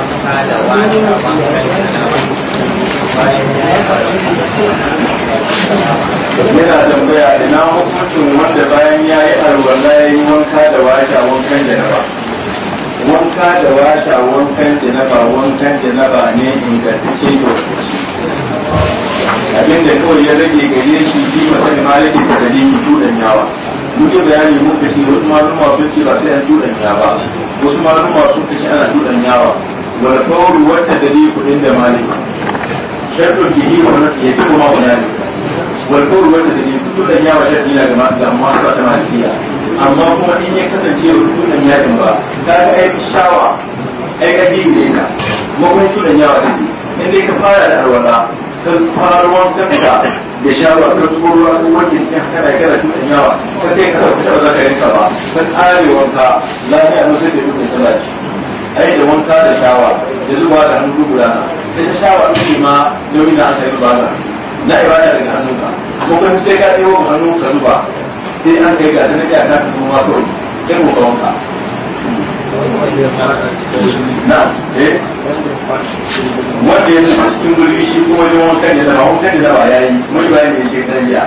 wanka da yana tambaya ina hukuncin wanda bayan ya yi alwala ya yi wanka da wata wankan naba wanka da wata wankan naba wankan naba ne ingantacce da wakaci abin da kawai ya rage gare shi bi masal maliki da dalili cuɗanyawa duk da bayani mun kashi wasu malumma sun ce ba sai an cuɗanya ba wasu malumma sun kashi ana yawa والقول والتدريب عند مالك شرط به يجب ما هنالك والقول والتدريب كل يا وجد الى جماعه مالكيه amma kuma in ya kasance rukunan yakin ba ta ga aiki shawa ai ka bibi ne ka makon tunan yawa da ne in dai ka fara da arwala ka fara ruwan kanka da shawa ka zubo ruwa ko wani su kan kana kana tunan yawa ka sai ka sauka ba za ka yanka ba ka tsare wanka lafiya na sai da ai da wanka da shawa da zuba da hannu guda da ta shawa ne ma nauyin na aka yi ibada na ibada daga hannunka ko kuma sai ka ɗebo hannu ka zuba sai an kai ga tana iya kasa kuma kawai kai ko ka wanka na eh wanda ya zama cikin gulbi shi kuma wajen wankan da zama wankan da zama yayi kuma shi bayan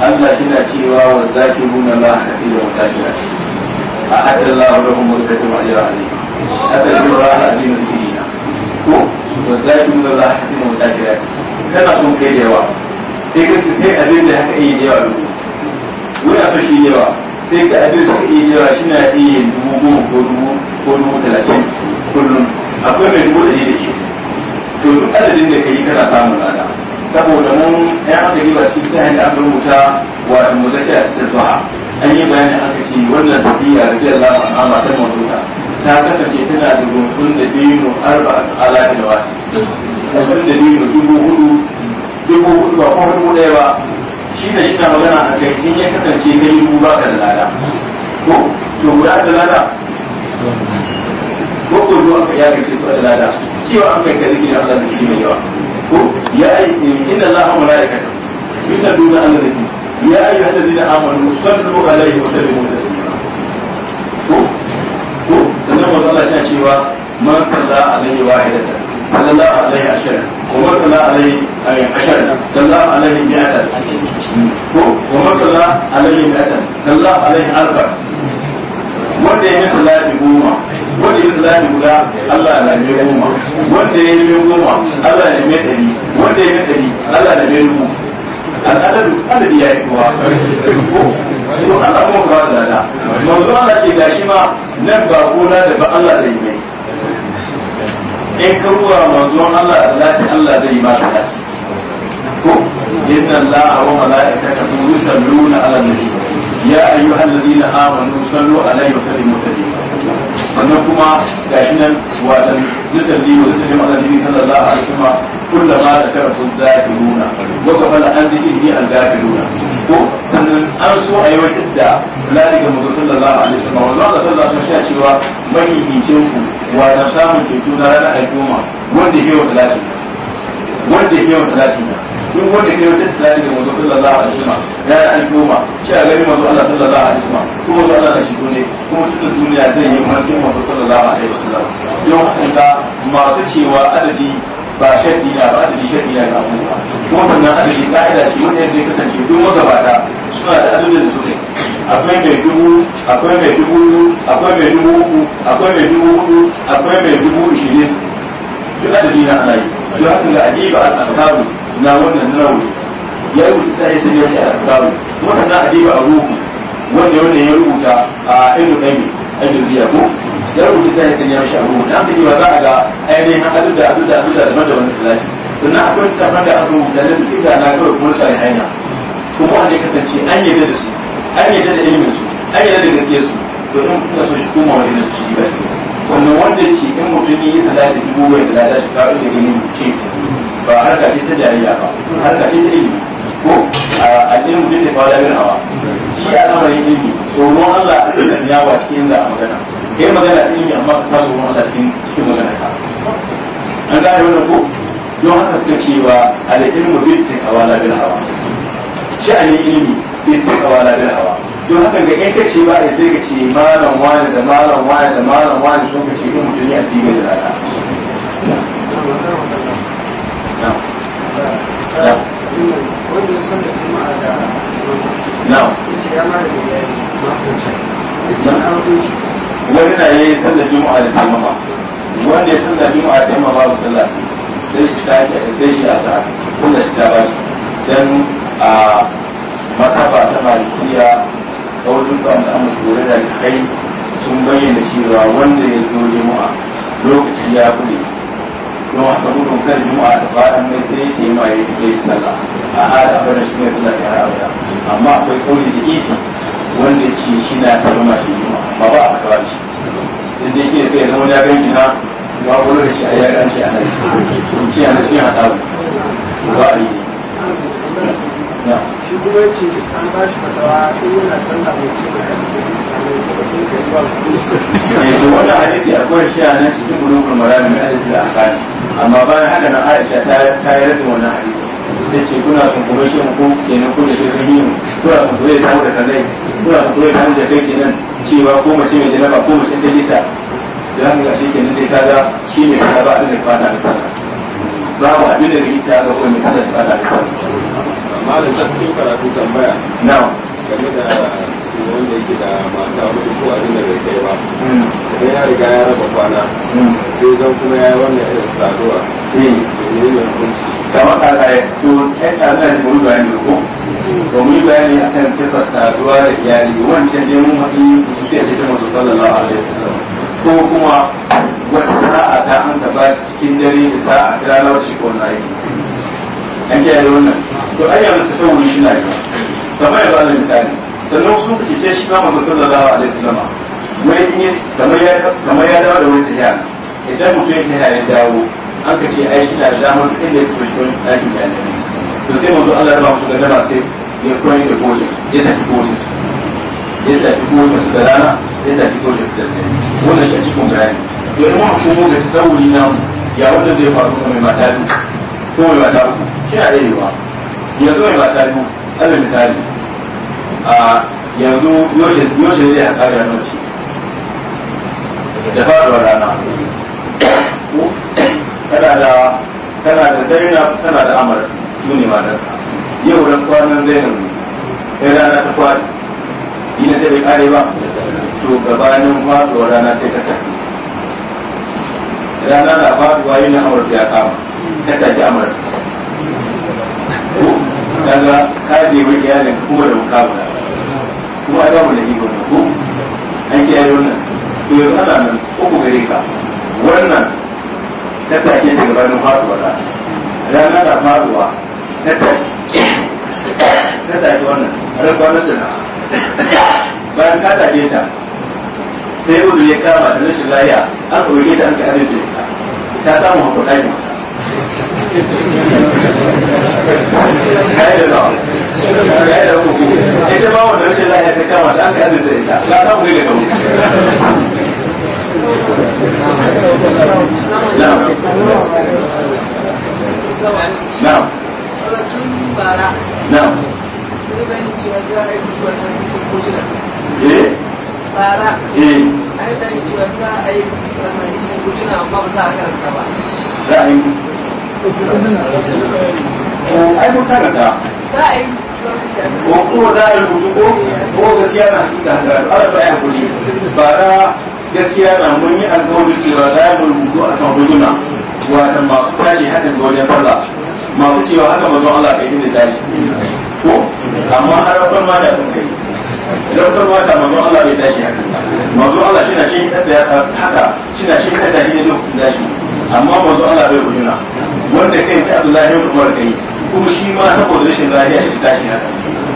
Allah yana cewa wa zaki nuna la kafi da wata kira a hadda Allah wa rahmu da kuma ajira ali asal bi raha azim na. ko wa zaki nuna la kafi da wata kira kana sun kai da yawa sai ka ce kai abin da haka yi da yawa dubu wani abu shi yawa sai ka abin da yi da yawa shi na iya yin dubu goma ko dubu ko dubu talatin kullum akwai mai dubu da shi to duk adadin da ka yi kana samun lada saboda mun ya aka ba cikin ta hanyar aka rubuta wa mudaka ta zuwa an yi bayani aka ce wannan sabiya da zai lafa a matan mabuta ta kasance tana da rumfun da dino arba ala da wata rumfun da dino dubu hudu dubu hudu ba ko hudu ɗaya ba shi da shi na magana a kai in ya kasance kai yi ba ka da lada ko to guda da lada ko ko ka yaga ce ko da lada cewa an kai ka zikiri Allah da mai yawa ko ya aiki eh, inna allaha wa malaikatahu yusalluna 'ala nabi ya ayyuhal ladzina amanu sallu 'alaihi wa sallimu taslima ko ko sannan manzo Allah yana cewa man salla 'alaihi wahidatan sallallahu alaihi ashara wa man salla 'alaihi eh, ashara sallallahu alaihi mi'atan ko wa man salla 'alaihi mi'atan sallallahu alaihi arba wanda ya yi salati goma wani islami guda Allah ya nemi goma wanda ya nemi goma Allah ya nemi ɗari wanda ya nemi ɗari Allah ya nemi dubu al'adadu adadi ya yi kowa ko Allah kuma ba da da manzo Allah ce shi ma nan ba gona da ba Allah zai mai in ka ruwa manzon Allah salati Allah zai ma salati ko inna Allah wa malaikatahu yusalluna ala nabi ya ayyuhal ladina amanu sallu alaihi wa sallimu taslima sannan kuma gashi nan watan yusalli wa yusallimu ala nabi sallallahu alaihi wasallam kullama nuna ko wa qabala an an al nuna ko sannan an so a yawaita da salati ga mutu sallallahu alaihi wasallam wa Allah sallallahu alaihi wasallam ya cewa mani hicin ku wa ta samu ceto na ranar al'umma wanda yake wa salati wanda yake wa salati duk wanda ke wata tsari ga manzo sallallahu alaihi wasallam ya yi al'umma shi a gari manzo Allah sallallahu alaihi wasallam ko manzo Allah da shi ne kuma duk duniya zai yi mafi manzo sallallahu alaihi wasallam yau haka masu cewa adadi ba shaɗi na ba adadi shaɗi na ga abubuwa kuma sannan adadi ka'ida ce wanda ya kasance duk wata bata suna da adadi da suke akwai mai dubu akwai mai dubu akwai mai dubu uku akwai mai dubu hudu akwai mai dubu ishirin duk adadi na ana yi don haka ga ajiba al na wannan nawawi ya rubuta ta yi sun yake a asbabu waɗannan adiba a ruhu wanda wannan ya rubuta a ilu qayyim a jawziyya ko ya rubuta ta yi sanya shi a ruhu dan kadi ba za a ga ainihin hadu da hadu da hadu da da wannan salati sannan akwai tafar da aka rubuta na suke da na kawai kuma sai haina kuma wanda ya kasance an yarda da su an yarda da ilimin su an yarda da gaske su to in kuka so shi koma wajen su ci ba wannan wanda ce in mutum ya yi salati dubu wai da lada shi kawo da ganin ce ba harka ce ta jariya ba harka ce ta ilimi ko addinin mutum ne fara bin hawa shi ilimi tsoron Allah a cikin cikin da a magana kai magana ilimi amma ka sa tsoron Allah cikin cikin magana ka an gane wannan ko don haka suka hawa shi a ilimi hawa don haka ga in ka ce ba sai ka ce malam wani da malam wani da malam wani sun ka ce da wanda ya san da juma'a da na'am yace ya mara da yayi na wani na yayi juma'a da taimama wanda ya sallar juma'a da sallah sai shi ta sai shi ta kuma shi ta ba dan a masaba ta malikiya kawai da da kai sun bayyana cewa wanda ya zo juma'a lokaci ya kule don a karu kan juma'a da bayan mai sai yake yi mai yake yi sallah a hada abin shi mai sallah ya rawa amma akwai kauli da ifi wanda ci shi na kalma shi juma'a ba ba a kawo shi in dai ke kai zama ya gani na ba wani da shi a yaran shi a nan in ce a nan shi hada ba a yi shi kuma ce an ba shi fatawa in yana sallah mai ce da eh, hadisi akwai shi a nan cikin gudun kulmara mai hadisi a kani amma bayan haka nan aisha ta yi rabin wannan hadisi ta ce kuna sun kuma shi mu ko kenan ko da ke kan yin kuna sun kuma ta tamu da kanai kuna sun kuma da tamu da kai kenan cewa ko mace mai janaba ko mace ta jita da haka ga shi kenan dai kaga shi ne ta ba da ba ta da sana babu abin da ne ta ga ko mai sana ta ba ta da sana. malam zan sai karatu tambaya. na'am. game da wanda yake da mata hudu ko abin da bai kai ba hmm. idan ya riga ya raba kwana hmm. sai zan kuma ya yi wannan irin saduwa domin hmm. yin hukunci to eh, ko bayani a kan saduwa da iyali wancan ne mun haɗi sallallahu alaihi wasallam ko kuma wata sana'a ta an cikin dare da sa'a ko na yi an kiyaye wannan to ayyana ta sauran shi na yi kamar ya ba da misali sannan sun ku cece shi ma manzo sallallahu alaihi wasallam wai in kamar ya kamar ya dawo da wani tafiya idan mutum ya tafiya ya dawo an ka ce ai shi na damar inda ya tuwa shi wani ɗakin ya nemi to sai manzo Allah ya ba su gaba sai ya koyi da goje ya tafi goje ya tafi goje su da rana ya tafi goje su da dare wannan shi a cikin bayani to in mun kuma ga sauri na mu ya wanda zai faru kuma mai mata biyu ko mai mata uku shi a ɗaya yanzu mai mata biyu alal misali a yanzu yoshe zai a kare ranarci da faɗuwar rana kana da kana da zainab kana da amur yuni da yau ran kwanan zainab da rana ta kwari ina ta bai kare ba to gabanin faɗuwar rana sai ta tafi rana na faɗuwa yin amur ya kama ta tafi amur daga kaje wa iyalin kuma da mukamala kuma ai babu lahi wannan ko an ki ayi wannan to yanzu ana nan uku gare ka wannan ta take ta gabanin faruwa da rana na faruwa ta take ta take wannan har kwanan jana bayan ka take ta sai uzu ya kama da rashin lahiya an ɗauke ta an ka asibiti ta ta samu hakuri ma kai da ita ba wanda rashin lafiya ta kama da aka azurta ita ba ta mu ne kamar na'am na'am na'am n'a bara eh ai da ni cewa za a yi ramani sun gujina amma ba za a karanta ba za a yi na na karanta za a yi kuma za a yi rubutu ko ko gaskiya na cikin da hankali ala ba yi kuɗi ba da gaskiya na mun yi alkawari cewa za a yi rubutu a kan hujuna wadda masu tashi hadin ga wajen sallah masu cewa haka mazan Allah bai inda tashi ko amma har harafin ma da kun kai idan kun mata mazan Allah bai tashi haka mazo Allah shi na shi da haka shi na shi da hidin lokacin tashi amma mazo Allah bai hujuna wanda kai ta Allah ya umar kai kuma shi ma saboda rashin lafiya shi tashi haka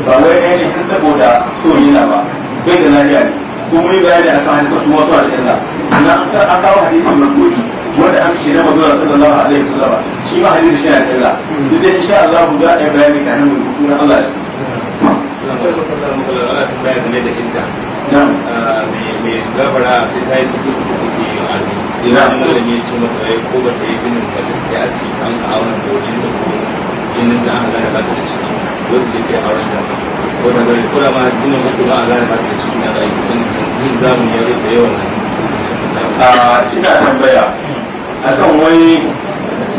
ba wai ɗaya ne duk saboda tsoro na ba bai da lafiya ne ko mun yi bayani a kan hadisi kuma suna da illa na an kawo hadisi makoni wanda an ke nama zuwa sallallahu alaihi wasallam shi ma hadisi shi na da illa duk da insha Allah za a yi bayani kan nan rubutu na Allah shi salamu alaikum da mutum da Allah da idda na'am ah, me gabara sai ta yi cikin kuɗi a ne sai ce mata ko ba ta yi ginin ba sai asibiti an ka auren da wani jinin da aka gane ba ta da ciki dole da ke auren da ko da gari ko da ma jinin uku ba a gane ba ta da ciki na rayu don yin zamu ya rage yawan nan a ah, ina tambaya akan wani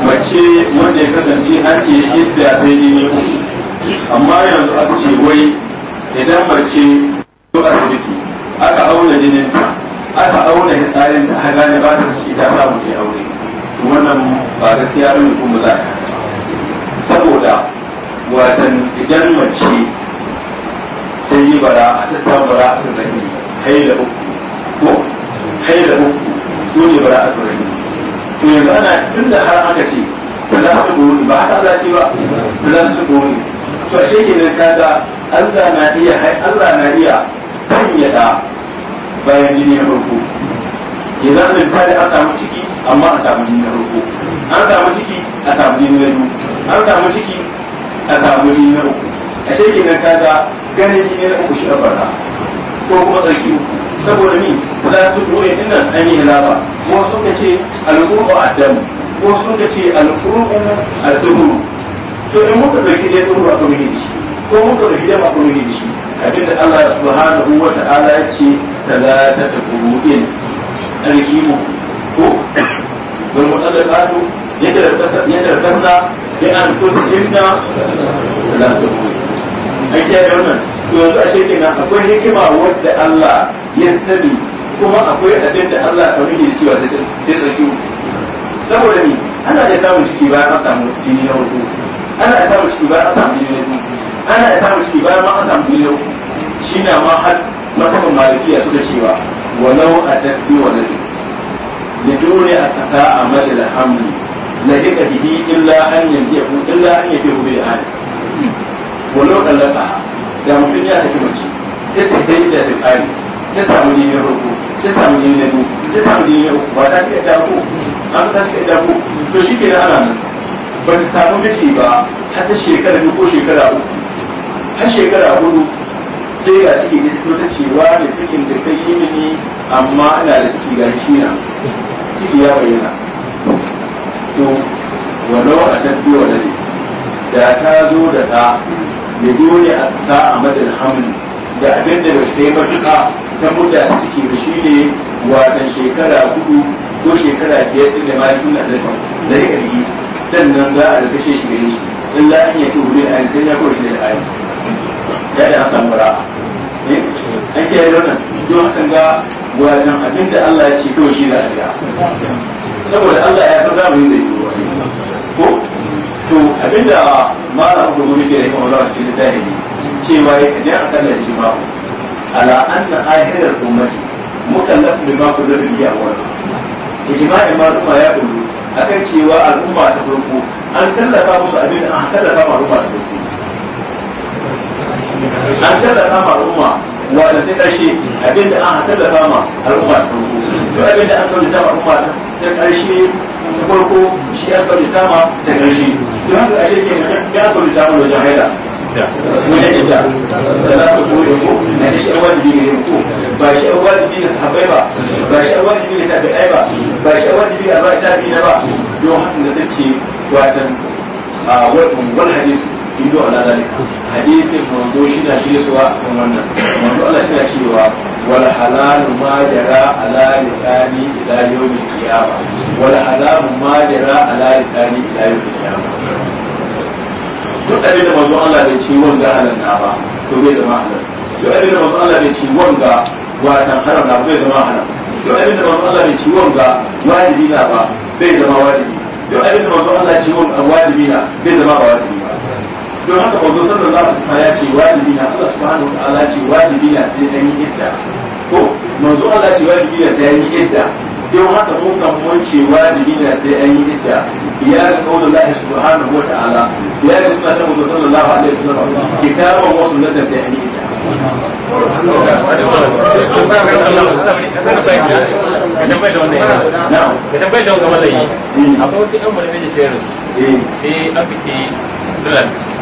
mace wanda ya kasance an ce yadda sai jini amma yanzu aka ce wai idan mace ko asibiti aka auna jinin aka auna fitsarin ta gane ba ta ciki ta samu ta aure wannan ba gaskiya bane kuma za a saboda watan idan mace ta yi bara a ta samu bara a sirrahi haila uku ko haila uku su ne bara a sirrahi to yanzu ana tun da har aka ce su gori ba haka za ce ba su gori to ashe kenan kaga Allah na iya Allah na iya sanya da bayan jini na farko yanzu an misali a samu ciki amma a samu jini na farko an samu ciki a samu jini na biyu an samu ciki a samu jini na uku a shekin nan za ganin jini na uku shi a barna ko kuma tsarki uku saboda ni za su ruwa yin nan an yi hilaba ko sun ka ce alƙur'u damu ko sun ka ce alƙur'u addaburu to in muka ɗauki ɗaya ɗauru a kuma da shi ko muka ɗauki ɗaya a ɗauri da shi abinda Allah subhanahu wa ta'ala ya ce salasa da ƙuru'in tsarki uku ko wal ƙato yadda da ƙasa بأنفسهم لا تبصرون an kiyaye wannan to yanzu ashe kenan akwai hikima wadda Allah ya sani kuma akwai abin da Allah ka nuke cewa sai sarki saboda ni ana da samun ciki bayan an samu jini na hudu ana da samun ciki bayan an samu jini na biyu ana da samun ciki bayan an samu jini na uku shi na ma har masabin malikiya suka cewa walau a tafi wa nadu da dole a kasa a madal hamli na hika bihi illa an yanbihu illa an yabihu ولو an walau dallaka da mutum ya saki mace ta tafi da tsari ta samu jini roƙo ta samu jini na biyu ta samu jini na uku ta kai da ko an ta kai da ko to shi ke sai ga ciki ta fito ta cewa da sukin da ka yi mini amma ana da ciki ga shi na ciki ya bayyana to walau a shaddu wa nadi da ta zo da ta da dole a sa a madal hamli da abin da bai kai matuƙa ta mudda a ciki ba shi ne watan shekara hudu ko shekara biyar ɗin da mahaifin na da sau da ya ƙarfi dan nan za a rikashe shi gare shi in la an yi a yi sai ya da ayi ya da an eh, wannan don ga wajen abin da Allah ya ce kawai shi za a saboda Allah ya san zamani zai yi ko to abinda malam da mu ke rika wannan cikin tahiri cewa ya kaje a kan ijma ala anna ahirar ummati mukallaf bi ma kullu biya wa ijma'in ma kuma ya kullu akan cewa al'umma ta farko an tallafa musu abin da an tallafa ma al'umma ta farko an tallafa ma al'umma wa da ta kashe. abin da an tallafa ma al'umma ta farko duk abin da an tallafa ma al'umma ta ta ƙarshe da farko shi ya ta ma ta ƙarshe don haka ashe ke ya ta ma wajen haida wajen da za ka koyo ko na shi an wajibi ne ko ba shi an wajibi ne sahabbai ba ba shi an wajibi ne tabi'ai ba ba shi an wajibi a ta tabi'i na ba don haka da zai ce wasan a wani hadisi ido ala zalika hadisin manzo shi na shi suwa kan wannan manzo Allah shi na cewa wal halalu ma jara ala lisani ila yawmil qiyamah wal halalu ma jara ala lisani ila yawmil qiyamah duk abin da manzo Allah bai ci wanga halan na ba to bai zama halal duk abin da manzo Allah bai ci wanga watan haram na bai zama haram duk abin da manzo Allah bai ci wanga wajibi na ba bai zama wajibi duk abin da manzo Allah ci wanga wajibi na bai zama wajibi don haka ba gusar da za a tuka ya ce wajibi na Allah hannu wa ta'ala ce wajibi na sai dan yi idda ko manzo Allah ce wajibi na sai an yi idda don haka mun kan mun ce wajibi na sai an yi idda ya ga kaulin Allah subhanahu wa ta'ala ya ga suna sunan Annabi sallallahu alaihi wasallam kitaban wasu sunnata sai an yi idda ka tambayi da wanda malayi eh. akwai wata yan malamai da ta yi rasu eh. sai aka fice zuwa da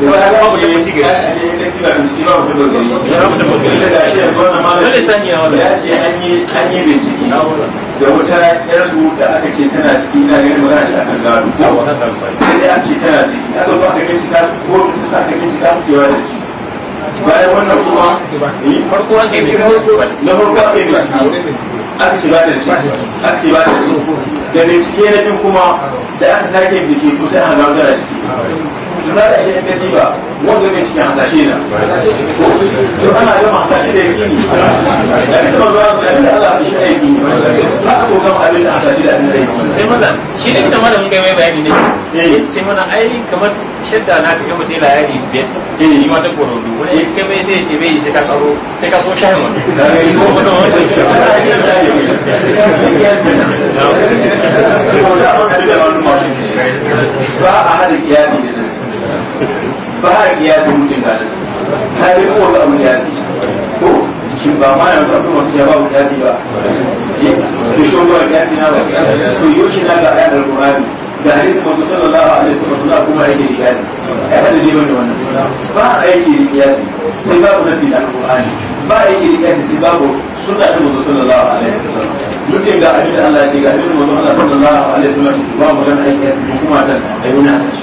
da wata yar da aka ce tana ciki ina ganin magana shi akan gado ko sai dai ake tana ciki aka zo aka gaci ta ko ta sa aka gaci ta fitewa da ciki bayan wannan kuma eh, farko ake ne na farko ake ne aka ce ba da ciki aka ce ba da ciki da bincike na bin kuma da aka sake bincike ko sai an gano da ciki ba da shi ne ba wanda ne cikin hasashe na to ana ga hasashe da yake ni da ne ba ba da Allah da shi ne ni ba ko ga abin da hasashe da ne sai maza shi ne kuma da mun mai bayani ne sai mana ai kamar shadda na kaga mutai la yari biyar ni ma koro du wani kai mai sai ce bai sai ka tsaro sai ka so shayin wani so ba so ba a hada iyali da ba har ya fi mutum da nasu har dai kowa ga abin da ya fi shi ko shi ba ma na mutum mutum ya ba mu yafi ba da shi ba. ya fi na ba so yoshi na ga ayat al-qur'ani da hadisi mutu sallallahu alaihi wasallam da kuma yake da yafi ai hada ne wannan wannan ba a yake da yafi sai babu nasi da al-qur'ani ba a yake da yafi sai babu sunna ta mutu sallallahu alaihi wasallam duk da ga abin da Allah ya ce ga abin da mutu sallallahu alaihi wasallam ba mu dan aiki kuma dan ayyuna sace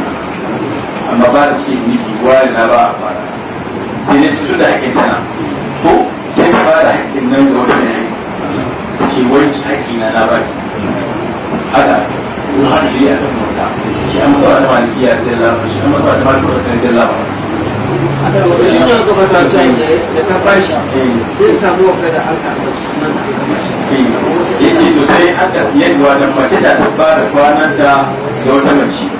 amma ba da ce ni wani na ba a fara sai ne fito da hakin tana ko sai ta ba da hakin nan ga wani ne ce wani haƙi na na ba ki haka ko har shi a kan mota shi an sa da malikiya da lafa shi an sa da malikiya da lafa shi ne gaba ta ce da ta bashi eh. sai samu wa kada aka ambaci sunan da aka bashi eh. ya ce to sai aka yadda wa da mace da ta ba da kwanan da wata mace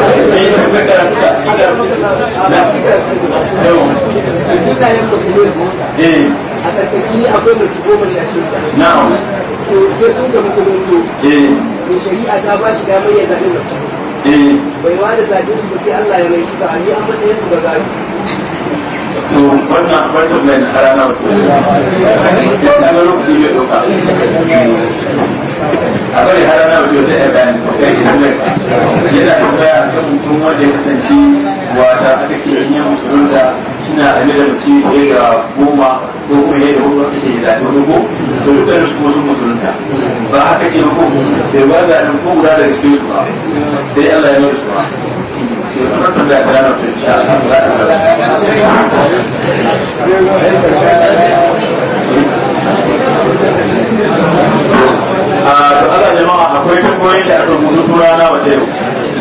a akwai mace goma sha shida. Na'am. To sai Eh. ta ba damar ya zaɓi mace. Eh. Bai ma da zaɓin su ba sai Allah ya mai shi a yi an matsayin su ba zaɓi. wannan wannan mai na rana ba ta ga lokaci ya doka a bari har rana ba ta yi bayani ko kai shi yana da baya a kan mutum wanda ya kasance wata aka ke yin yin musulun da ina da da mace ya da goma ko kuma ya da hudu ake da hudu ko to dukkan su kuma sun musulun ba haka ce ko bai ba da ko guda daga cikin su ba sai Allah ya nuna su ba. Ke wannan sanda ya a tsada jama'a akwai da aka rana yau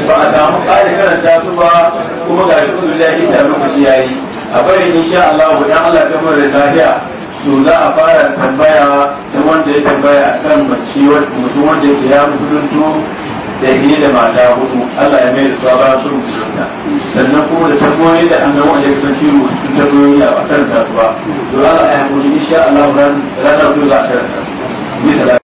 ba a samu ƙari karanta su ba kuma ga shi kudu lafi da lokaci ya yi a bari insha Allah wa dan Allah kamar da lafiya to za a fara tambaya ta wanda ya tambaya akan mace mutum wanda ya da yi da mata hudu Allah ya mai da suwa bayan sun zurna sannan kuma da tabbobi da an gama da kusan ciwo cikin tabbobi a karanta su ba don Allah ya hakuri insha Allah ranar zuwa za a karanta